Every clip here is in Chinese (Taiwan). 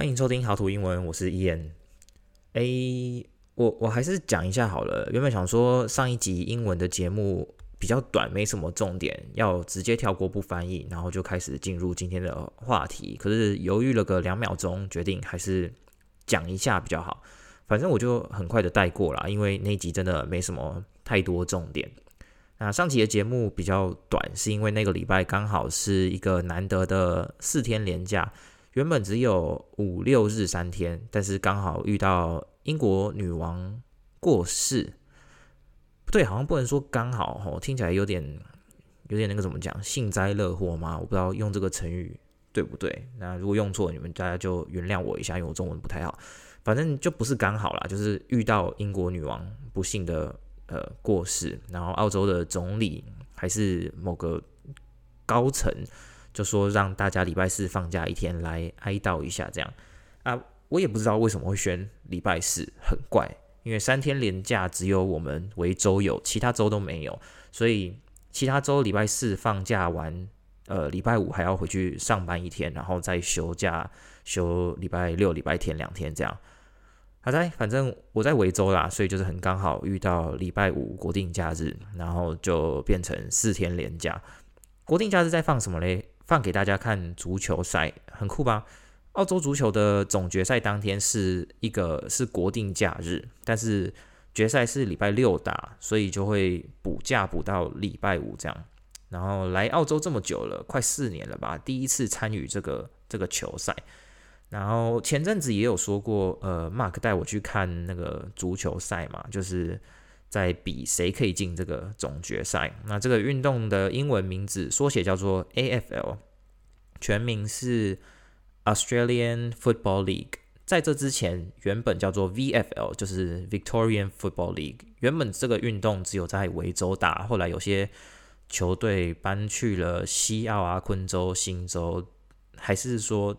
歡迎收聽好圖英文，我是 Ian。誒，我我還是講一下好了。原本想說上一集英文的節目比較短，沒什麼重點，要直接跳過不翻譯，然後就開始進入今天的話題。可是猶豫了個兩秒鐘，決定還是講一下比較好。反正我就很快的帶過啦，因為那集真的沒什麼太多重點。那上集的節目比較短，是因為那個禮拜剛好是一個難得的四天連假。原本只有五六日三天，但是剛好遇到英國女王過世，不對，好像不能說剛好吼，聽起來有點有點那個怎麼講，幸災樂禍嗎？我不知道用這個成語對不對。那如果用錯，你們大家就原諒我一下，因為我中文不太好。反正就不是剛好啦，就是遇到英國女王不幸的呃過世，然後澳洲的總理還是某個高層。就說讓大家禮拜四放假一天來哀悼一下這樣啊，我也不知道為什麼會選禮拜四，很怪，因為三天連假只有我們維州有，其他州都沒有，所以其他州禮拜四放假完，呃，禮拜五還要回去上班一天，然後再休假休禮拜六、禮拜天兩天這樣。好在，反正我在維州啦，所以就是很剛好遇到禮拜五國定假日，然後就變成四天連假。國定假日在放什麼嘞？放給大家看足球賽，很酷吧？澳洲足球的總決賽當天是一個是國定假日，但是決賽是禮拜六打，所以就會補假補到禮拜五這樣。然後來澳洲這麼久了，快四年了吧，第一次參與這個這個球賽。然後前陣子也有說過，呃，Mark 帶我去看那個足球賽嘛，就是。在比誰可以進這個總決賽。那這個運動的英文名字縮寫叫做 AFL，全名是 Australian Football League。在這之前，原本叫做 VFL，就是 Victorian Football League。原本這個運動只有在維州打，後來有些球隊搬去了西澳啊、昆州、新州，還是說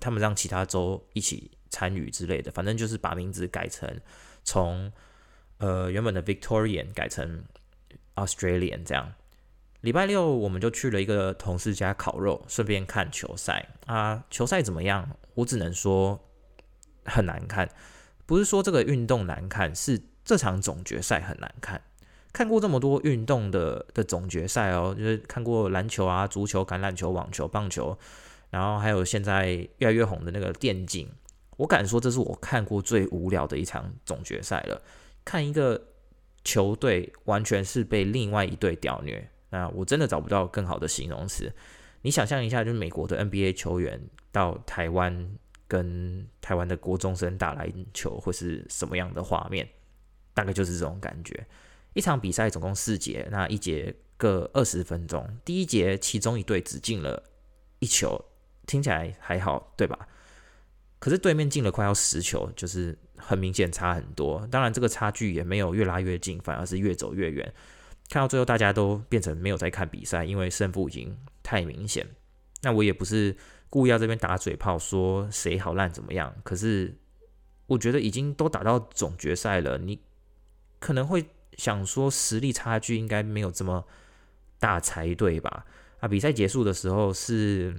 他們讓其他州一起參與之類的，反正就是把名字改成從。呃，原本的 Victorian 改成 Australian 這樣。禮拜六我們就去了一個同事家烤肉，順便看球賽啊。球賽怎麼樣？我只能說很難看。不是說這個運動難看，是這場總決賽很難看。看過這麼多運動的的總決賽哦，就是看過籃球啊、足球、橄欖球、網球、棒球，然後還有現在越來越紅的那個電競。我敢說，這是我看過最無聊的一場總決賽了。看一個球隊完全是被另外一隊屌虐，那我真的找不到更好的形容詞。你想象一下，就是美國的 NBA 球員到台灣跟台灣的國中生打籃球會是什麼樣的畫面？大概就是這種感覺。一場比賽總共四節，那一節各二十分鐘。第一節，其中一隊只進了一球，聽起來還好，對吧？可是對面進了快要十球，就是。很明顯差很多，當然這個差距也沒有越拉越近，反而是越走越遠。看到最後，大家都變成沒有在看比賽，因為勝負已經太明顯。那我也不是故意要這邊打嘴炮說誰好爛怎麼樣，可是我覺得已經都打到總決賽了，你可能會想說實力差距應該沒有這麼大才對吧？啊，比賽結束的時候是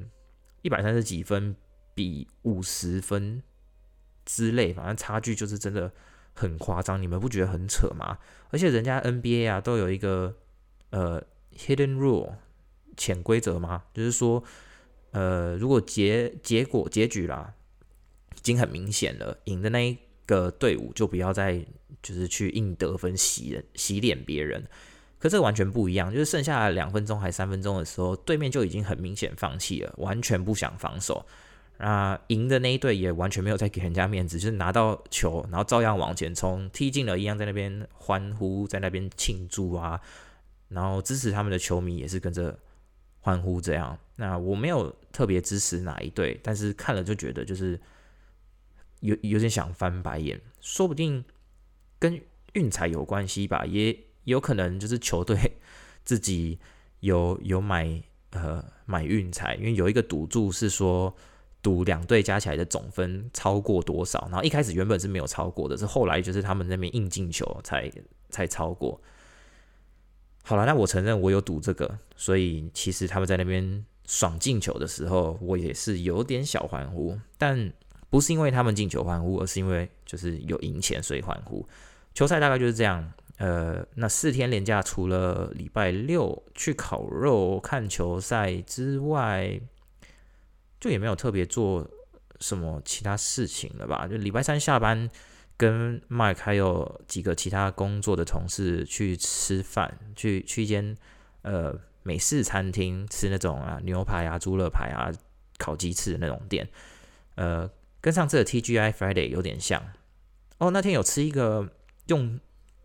一百三十幾分比五十分。之類，反正差距就是真的很誇張，你們不覺得很扯嗎？而且人家 NBA 啊都有一個呃 hidden rule 潛規則嘛，就是說呃如果結結果結局啦已經很明顯了，贏的那一個隊伍就不要再就是去硬得分洗人洗臉別人，可這完全不一樣，就是剩下兩分鐘還三分鐘的時候，對面就已經很明顯放棄了，完全不想防守。那贏的那一隊也完全沒有在給人家面子，就是拿到球，然後照樣往前衝，踢進了，一樣在那邊歡呼，在那邊慶祝啊。然後支持他們的球迷也是跟着歡呼。這樣，那我沒有特別支持哪一隊，但是看了就覺得就是有有點想翻白眼。說不定跟運彩有關係吧，也有可能就是球隊自己有有買呃買運彩，因為有一個賭注是說。賭兩隊加起來的總分超過多少？然後一開始原本是沒有超過的，是後來就是他們那邊硬進球才才超過。好了，那我承認我有賭這個，所以其實他們在那邊爽進球的時候，我也是有點小歡呼，但不是因為他們進球歡呼，而是因為就是有贏錢所以歡呼。球賽大概就是這樣。呃，那四天連假除了禮拜六去烤肉看球賽之外，就也沒有特別做什麼其他事情了吧。就禮拜三下班，跟 Mike 還有幾個其他工作的同事去吃飯，去去一間呃美式餐廳吃那種啊牛排啊、豬肋排啊、烤雞翅的那種店，呃，跟上次的 TGI Friday 有點像。哦，那天有吃一個用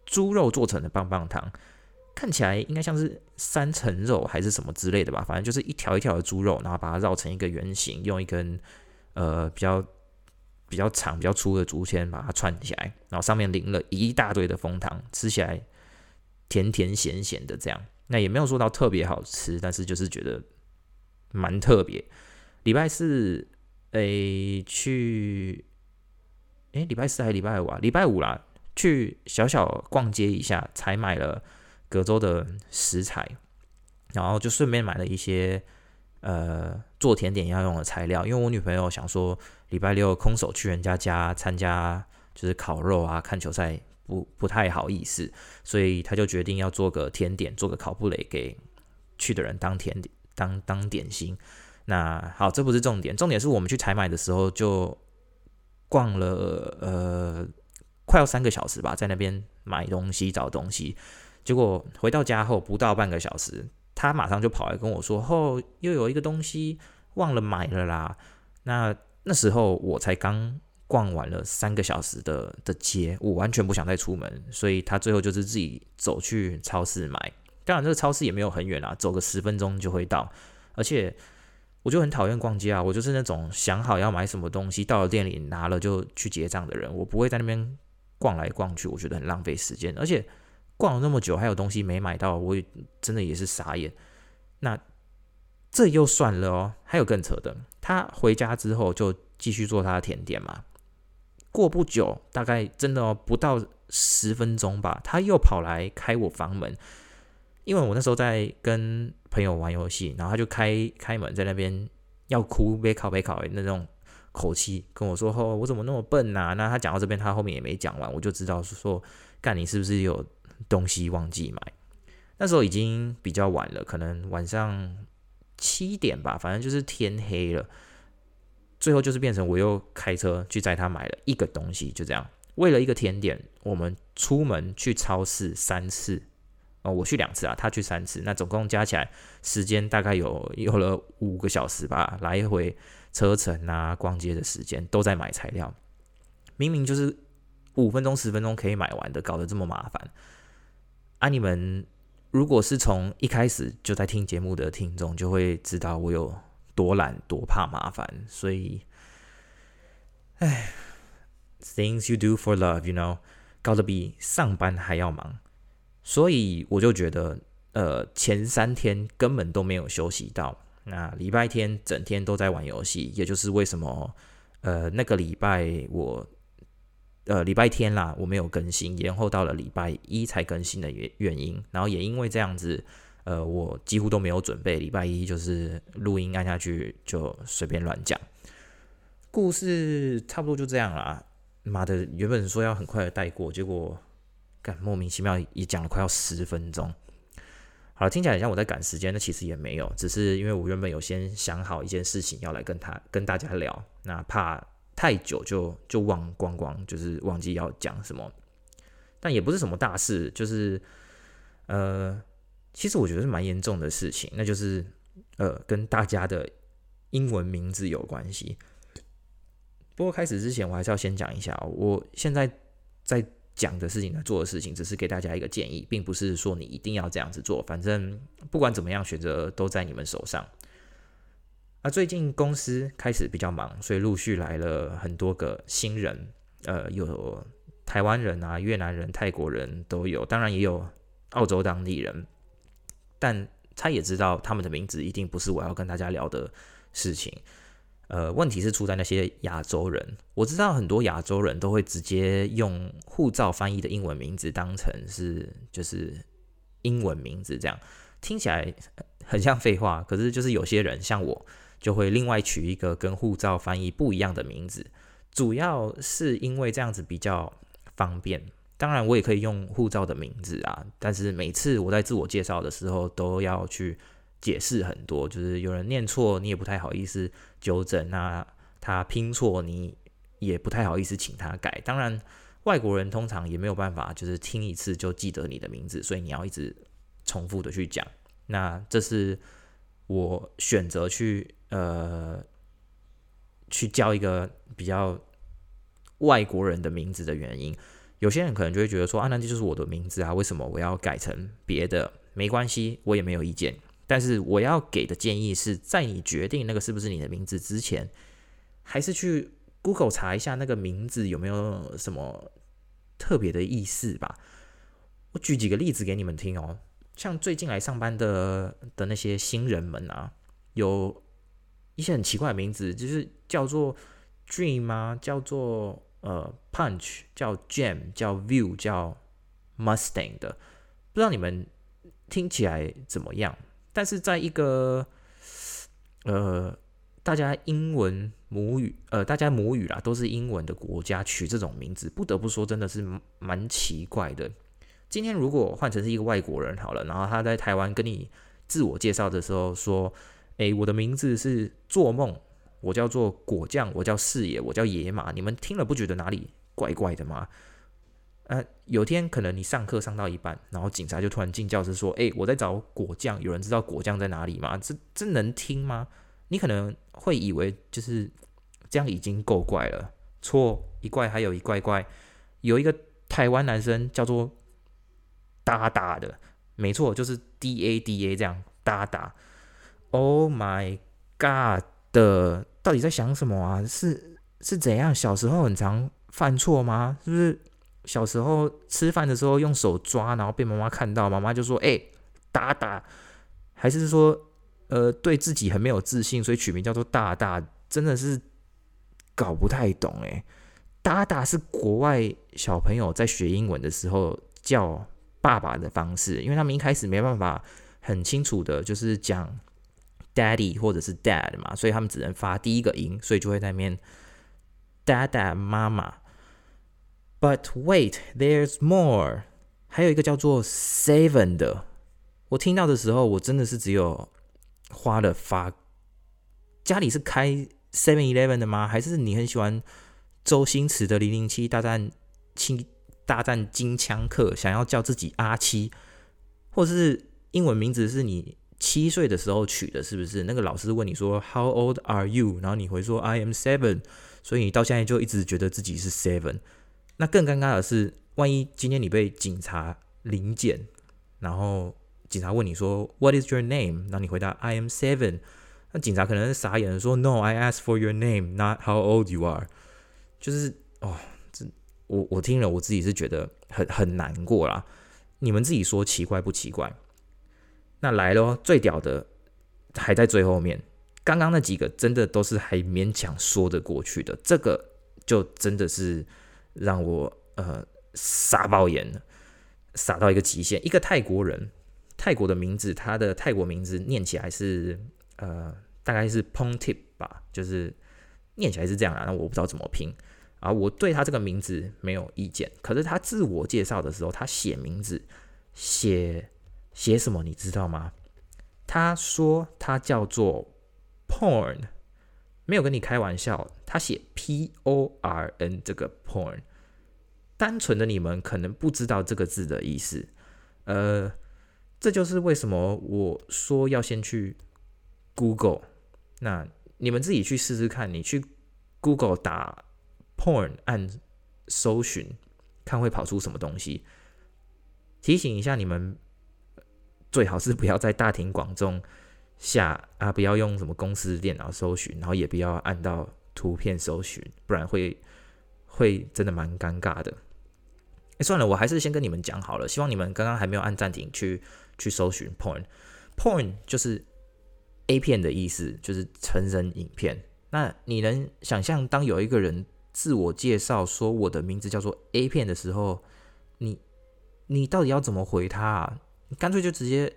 豬肉做成的棒棒糖，看起來應該像是。三層肉還是什麼之類的吧，反正就是一條一條的豬肉，然後把它繞成一個圓形，用一根呃比較比較長、比較粗的竹籤把它串起來，然後上面淋了一大堆的楓糖，吃起來甜甜鹹鹹的這樣。那也沒有做到特別好吃，但是就是覺得蠻特別。禮拜四誒去，誒，禮拜四還是禮拜五啊？禮拜五啦，去小小逛街一下，才買了。隔周的食材，然後就順便買了一些呃做甜點要用的材料，因為我女朋友想說禮拜六空手去人家家參加就是烤肉啊看球賽不不太好意思，所以她就決定要做個甜點，做個烤布蕾給去的人當甜點當當點心。那好，這不是重點，重點是我們去採買的時候就逛了呃快要三個小時吧，在那邊買東西找東西。結果回到家後不到半個小時，他馬上就跑來跟我說：“哦，又有一個東西忘了買了啦。”那那那時候我才剛逛完了三個小時的的街，我完全不想再出門，所以他最後就是自己走去超市買。當然，這個超市也沒有很遠啊，走個十分鐘就會到。而且，我就很討厭逛街啊，我就是那種想好要買什麼東西到了店裡拿了就去結賬的人，我不會在那邊逛來逛去，我覺得很浪費時間，而且。逛了那麼久，還有東西沒買到，我也真的也是傻眼。那這又算了哦，還有更扯的。他回家之後就繼續做他的甜點嘛。過不久，大概真的哦不到十分鐘吧，他又跑來開我房門，因為我那時候在跟朋友玩遊戲，然後他就開開門在那邊要哭，靠北靠北那種口氣跟我說：“哦，我怎麼那麼笨啊？”那他講到這邊，他後面也沒講完，我就知道說，幹你是不是有？東西忘記買，那時候已經比較晚了，可能晚上七點吧，反正就是天黑了。最後就是變成我又開車去載他買了一個東西，就這樣。為了一個甜點，我們出門去超市三次，哦，我去兩次啊，他去三次，那總共加起來時間大概有有了五個小時吧，來回車程啊，逛街的時間都在買材料。明明就是五分鐘、十分鐘可以買完的，搞得這麼麻煩。啊，你們如果是從一開始就在聽節目的聽眾，就會知道我有多懶，多怕麻煩。所以，唉，things you do for love，you know，搞得比上班還要忙。所以我就覺得，呃，前三天根本都沒有休息到。那禮拜天整天都在玩遊戲，也就是為什麼，呃，那個禮拜我。呃，禮拜天啦，我沒有更新，延後到了禮拜一才更新的原原因。然後也因為這樣子，呃，我幾乎都沒有準備，禮拜一就是錄音按下去就隨便亂講。故事差不多就這樣啦。媽的，原本說要很快的帶過，結果幹莫名其妙也講了快要十分鐘。好了，聽起來像我在趕時間，那其實也沒有，只是因為我原本有先想好一件事情要來跟他跟大家聊，那怕。太久就就忘光光，就是忘記要講什麼，但也不是什麼大事，就是呃，其實我覺得是蠻嚴重的事情，那就是呃，跟大家的英文名字有關係。不過開始之前，我還是要先講一下喔，我現在在講的事情，在做的事情，只是給大家一個建議，並不是說你一定要這樣子做，反正不管怎麼樣，選擇都在你們手上。啊，最近公司開始比較忙，所以陸續來了很多個新人，呃，有台灣人啊、越南人、泰國人都有，當然也有澳洲當地人。但他也知道他們的名字一定不是我要跟大家聊的事情。呃，問題是出在那些亞洲人，我知道很多亞洲人都會直接用護照翻譯的英文名字當成是就是英文名字，這樣聽起來很像廢話。可是就是有些人像我。就會另外取一個跟護照翻譯不一樣的名字，主要是因為這樣子比較方便。當然，我也可以用護照的名字啊，但是每次我在自我介紹的時候都要去解釋很多，就是有人念錯你也不太好意思糾正啊，那他拼錯你也不太好意思請他改。當然，外國人通常也沒有辦法，就是聽一次就記得你的名字，所以你要一直重複的去講。那這是我選擇去。呃，去叫一個比較外國人的名字的原因，有些人可能就會覺得說：“啊，那這就是我的名字啊，為什麼我要改成別的？沒關係，我也沒有意見。”但是我要給的建議是在你決定那個是不是你的名字之前，還是去 Google 查一下那個名字有沒有什麼特別的意思吧。我舉幾個例子給你們聽哦，像最近來上班的的那些新人們啊，有。一些很奇怪的名字，就是叫做 Dream 啊，叫做呃 Punch，叫 Jam，叫 View，叫 Mustang 的，不知道你們聽起來怎麼樣？但是在一個呃，大家英文母語呃，大家母語啦都是英文的國家取這種名字，不得不說真的是蠻奇怪的。今天如果換成是一個外國人好了，然後他在台灣跟你自我介紹的時候說。哎、欸，我的名字是做夢，我叫做果醬，我叫四野，我叫野馬。你們聽了不覺得哪裡怪怪的嗎？呃，有天可能你上課上到一半，然後警察就突然進教室說：“哎、欸，我在找果醬，有人知道果醬在哪裡嗎？”這這能聽嗎？你可能會以為就是這樣已經夠怪了。錯，一怪還有一怪怪，有一個台灣男生叫做噠噠的，沒錯，就是 D A D A 這樣，噠噠。Oh my God，到底在想什麼啊？是是怎樣？小時候很常犯錯嗎？是不是小時候吃飯的時候用手抓，然後被媽媽看到，媽媽就說：“誒、欸，打打。”還是說，呃，對自己很沒有自信，所以取名叫做“大大”？真的是搞不太懂誒。大大是國外小朋友在學英文的時候叫爸爸的方式，因為他們一開始沒辦法很清楚的，就是講。Daddy 或者是 Dad 嘛，所以他們只能發第一個音，所以就會在那邊 dada 媽媽。But wait, there's more，還有一個叫做 Seven 的。我聽到的時候，我真的是只有花了發。家裡是開 Seven Eleven 的嗎？還是你很喜歡周星馳的《零零七大戰青大戰金槍客》，想要叫自己阿七，或者是英文名字是你？七歲的時候取的，是不是？那個老師問你說 “How old are you？” 然後你回說 “I am seven”。所以你到現在就一直覺得自己是 seven。那更尷尬的是，萬一今天你被警察臨檢，然後警察問你說 “What is your name？” 然後你回答 “I am seven”，那警察可能是傻眼，說 “No, I ask for your name, not how old you are。”就是哦，這我我聽了我自己是覺得很很難過啦。你們自己說奇怪不奇怪？那來咯，最屌的還在最後面。剛剛那幾個真的都是還勉強說得過去的，這個就真的是讓我呃傻爆眼了，傻到一個極限。一個泰國人，泰國的名字，他的泰國名字念起來是呃，大概是 Pongtip 吧，就是念起來是這樣啊。那我不知道怎麼拼啊。然後我對他這個名字沒有意見，可是他自我介紹的時候，他寫名字寫。寫什麼？你知道嗎？他說他叫做 porn，沒有跟你開玩笑。他寫 porn 這個 porn，單純的你們可能不知道這個字的意思。呃，這就是為什麼我說要先去 Google。那你們自己去試試看，你去 Google 打 porn 按搜尋，看會跑出什麼東西。提醒一下你們。最好是不要在大庭廣眾下啊，不要用什麼公司電腦搜尋，然後也不要按到圖片搜尋，不然會會真的蠻尷尬的。哎、欸，算了，我還是先跟你們講好了。希望你們剛剛還沒有按暫停去去搜尋。porn Porn 就是 A 片的意思，就是成人影片。那你能想象，當有一個人自我介紹說我的名字叫做 A 片的時候，你你到底要怎麼回他，啊？乾脆就直接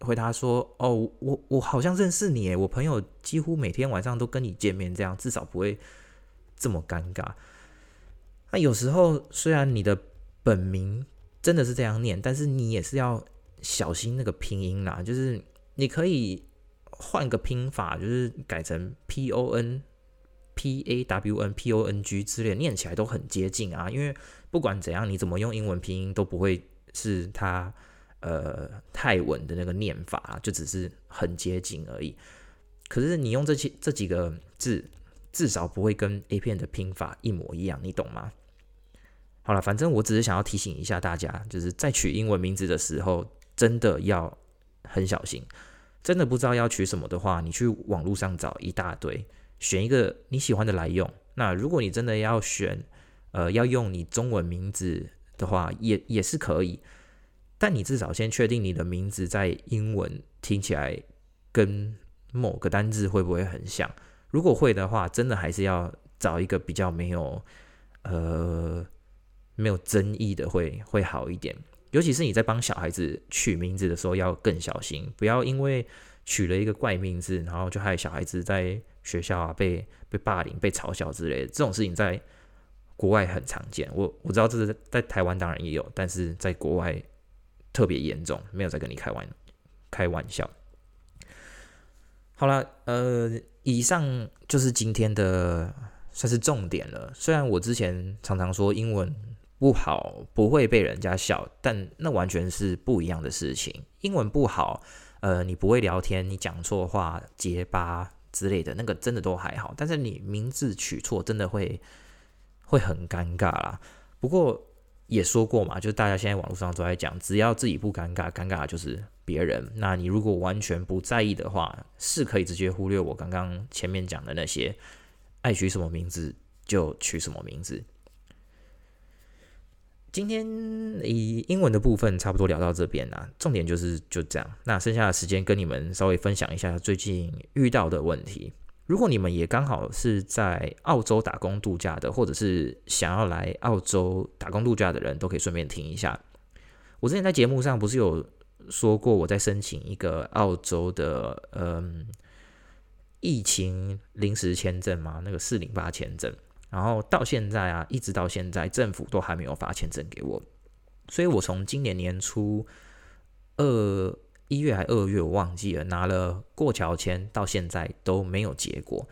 回答說：“哦，我我好像認識你誒，我朋友幾乎每天晚上都跟你見面，這樣至少不會這麼尷尬。”那有時候雖然你的本名真的是這樣念，但是你也是要小心那個拼音啦。就是你可以換個拼法，就是改成 P O N P A W N P O N G 之類的，念起來都很接近啊。因為不管怎樣，你怎麼用英文拼音都不會是他。呃，泰文的那個念法就只是很接近而已。可是你用這些這幾個字，至少不會跟 A 片的拼法一模一樣，你懂嗎？好了，反正我只是想要提醒一下大家，就是在取英文名字的時候，真的要很小心。真的不知道要取什麼的話，你去網絡上找一大堆，選一個你喜歡的來用。那如果你真的要選，呃，要用你中文名字的話，也也是可以。但你至少先確定你的名字在英文聽起來跟某個單字會不會很像？如果會的話，真的還是要找一個比較沒有呃沒有爭議的，會會好一點。尤其是你在幫小孩子取名字的時候，要更小心，不要因為取了一個怪名字，然後就害小孩子在學校啊被被霸凌、被嘲笑之類的。這種事情在國外很常見，我我知道這是在台灣當然也有，但是在國外。特別嚴重，沒有在跟你開玩開玩笑。好了，呃，以上就是今天的算是重點了。雖然我之前常常說英文不好不會被人家笑，但那完全是不一樣的事情。英文不好，呃，你不會聊天，你講錯話結巴之類的，那個真的都還好。但是你名字取錯，真的會會很尷尬啦。不過。也說過嘛，就是大家現在網絡上都在講，只要自己不尷尬，尷尬的就是別人。那你如果完全不在意的話，是可以直接忽略我剛剛前面講的那些，愛取什麼名字就取什麼名字。今天以英文的部分差不多聊到這邊啦，啊，重點就是就這樣。那剩下的時間跟你們稍微分享一下最近遇到的問題。如果你們也剛好是在澳洲打工度假的，或者是想要來澳洲打工度假的人，都可以順便聽一下。我之前在節目上不是有說過，我在申請一個澳洲的嗯疫情臨時簽證嗎？那個四零八簽證，然後到現在啊，一直到現在政府都還沒有發簽證給我，所以我從今年年初，二、呃。一月還二月我忘記了，拿了過橋簽到現在都沒有結果。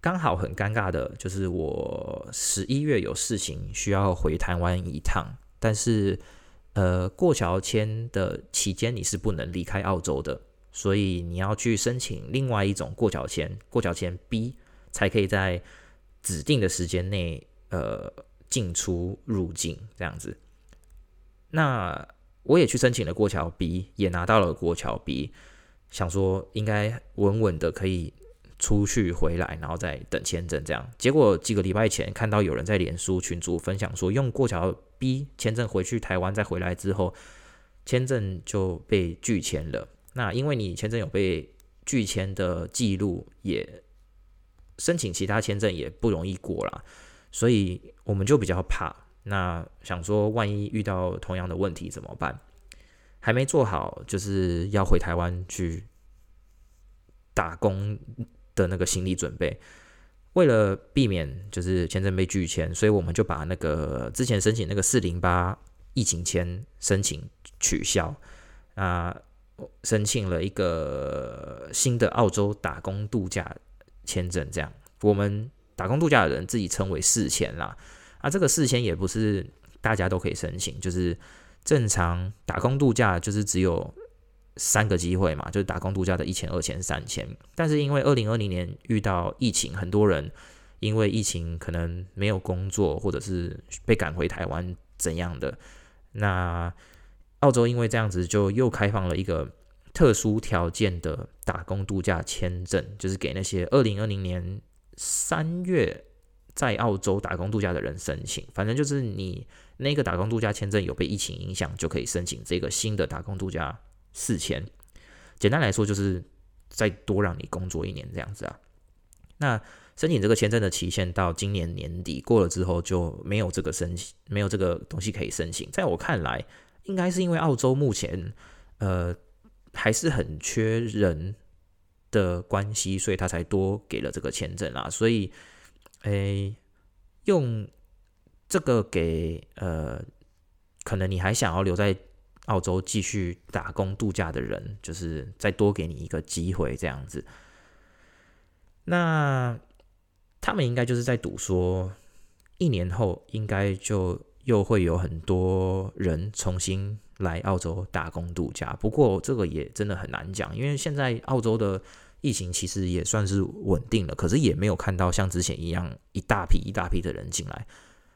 剛好很尷尬的就是我十一月有事情需要回台灣一趟，但是呃過橋簽的期間你是不能離開澳洲的，所以你要去申請另外一種過橋簽。過橋簽 B 才可以在指定的時間內呃進出入境這樣子。那。我也去申請了過橋 B，也拿到了過橋 B，想說應該穩穩的可以出去回來，然後再等簽證。這樣，結果幾個禮拜前看到有人在臉書群組分享說，用過橋 B 簽證回去台灣再回來之後，簽證就被拒簽了。那因為你簽證有被拒簽的記錄，也申請其他簽證也不容易過啦，所以我們就比較怕。那想說，萬一遇到同樣的問題怎麼辦？還沒做好就是要回台灣去打工的那個心理準備。為了避免就是簽證被拒簽，所以我們就把那個之前申請那個四零八疫情簽申請取消啊，申請了一個新的澳洲打工度假簽證，這樣我們打工度假的人自己稱為“事前”啦。那、啊、這個四簽也不是大家都可以申請，就是正常打工度假就是只有三個機會嘛，就是打工度假的一簽、二簽、三簽。但是因為二零二零年遇到疫情，很多人因為疫情可能沒有工作，或者是被趕回台灣怎樣的？那澳洲因為這樣子，就又開放了一個特殊條件的打工度假簽證，就是給那些二零二零年三月。在澳洲打工度假的人申請，反正就是你那個打工度假簽證有被疫情影響，就可以申請這個新的打工度假四簽。簡單來說，就是再多讓你工作一年這樣子啊。那申請這個簽證的期限到今年年底過了之後就沒有這個申請，沒有這個東西可以申請。在我看來，應該是因為澳洲目前呃還是很缺人的關係，所以他才多給了這個簽證啊，所以。哎、欸，用這個給呃，可能你還想要留在澳洲繼續打工度假的人，就是再多給你一個機會這樣子。那他們應該就是在賭說，一年後應該就又會有很多人重新來澳洲打工度假。不過這個也真的很難講，因為現在澳洲的。疫情其實也算是穩定了，可是也沒有看到像之前一樣一大批一大批的人進來。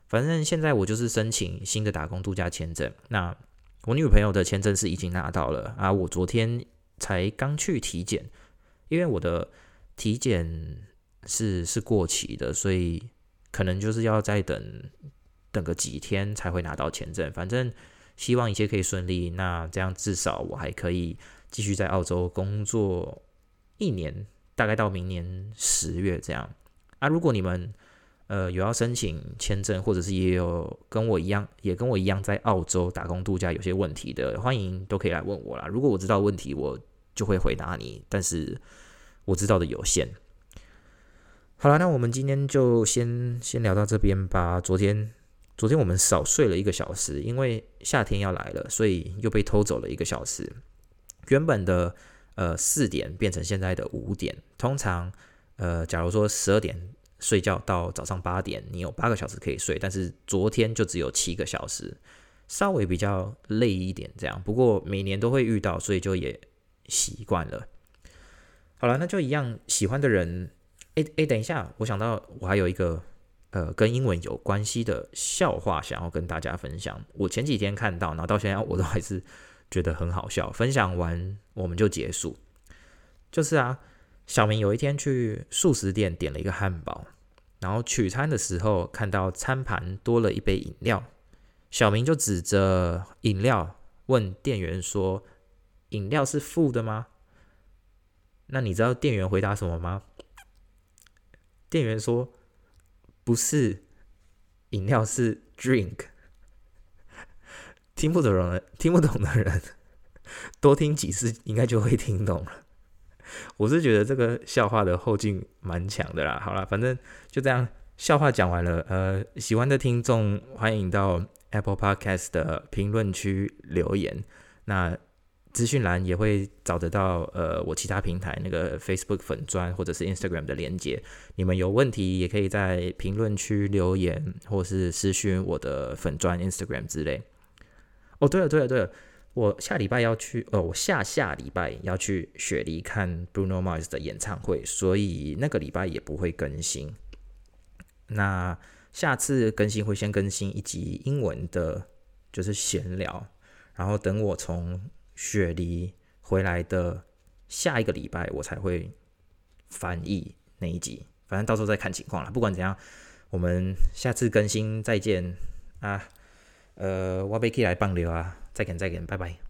反正現在我就是申請新的打工度假簽證。那我女朋友的簽證是已經拿到了啊，我昨天才剛去體檢，因為我的體檢是是過期的，所以可能就是要再等等個幾天才會拿到簽證。反正希望一切可以順利。那這樣至少我還可以繼續在澳洲工作。一年大概到明年十月這樣。啊，如果你們呃有要申請簽證，或者是也有跟我一樣，也跟我一樣在澳洲打工度假有些問題的，歡迎都可以來問我啦。如果我知道問題，我就會回答你。但是我知道的有限。好啦，那我們今天就先先聊到這邊吧。昨天昨天我們少睡了一個小時，因為夏天要來了，所以又被偷走了一個小時。原本的。呃，四點變成現在的五點，通常，呃，假如說十二點睡覺到早上八點，你有八個小時可以睡，但是昨天就只有七個小時，稍微比較累一點這樣。不過每年都會遇到，所以就也習慣了。好了，那就一樣，喜歡的人，誒誒，等一下，我想到我還有一個呃跟英文有關係的笑話想要跟大家分享。我前幾天看到，然後到現在，哦，我都還是，覺得很好笑，分享完我們就結束。就是啊，小明有一天去素食店點了一個漢堡，然後取餐的時候看到餐盤多了一杯飲料，小明就指着飲料問店員說：“飲料是附的嗎？”那你知道店員回答什麼嗎？店員說：“不是，飲料是 drink。”聽不懂的人，聽不懂的人，多聽幾次應該就會聽懂了。我是覺得這個笑話的後勁蠻強的啦。好啦，反正就這樣，笑話講完了。呃，喜歡的聽眾歡迎到 Apple Podcast 的評論區留言。那資訊欄也會找得到呃我其他平台那個 Facebook 粉專或者是 Instagram 的鏈接。你們有問題也可以在評論區留言，或是私訊我的粉專 Instagram 之類。哦，對了，對了，對了，我下禮拜要去，哦，我下下禮拜要去雪梨看 Bruno Mars 的演唱會，所以那個禮拜也不會更新。那下次更新會先更新一集英文的，就是閒聊，然後等我從雪梨回來的下一個禮拜，我才會翻譯那一集。反正到時候再看情況啦。不管怎樣，我們下次更新再見啊。呃我要起來放尿啊，再見，再見，拜拜。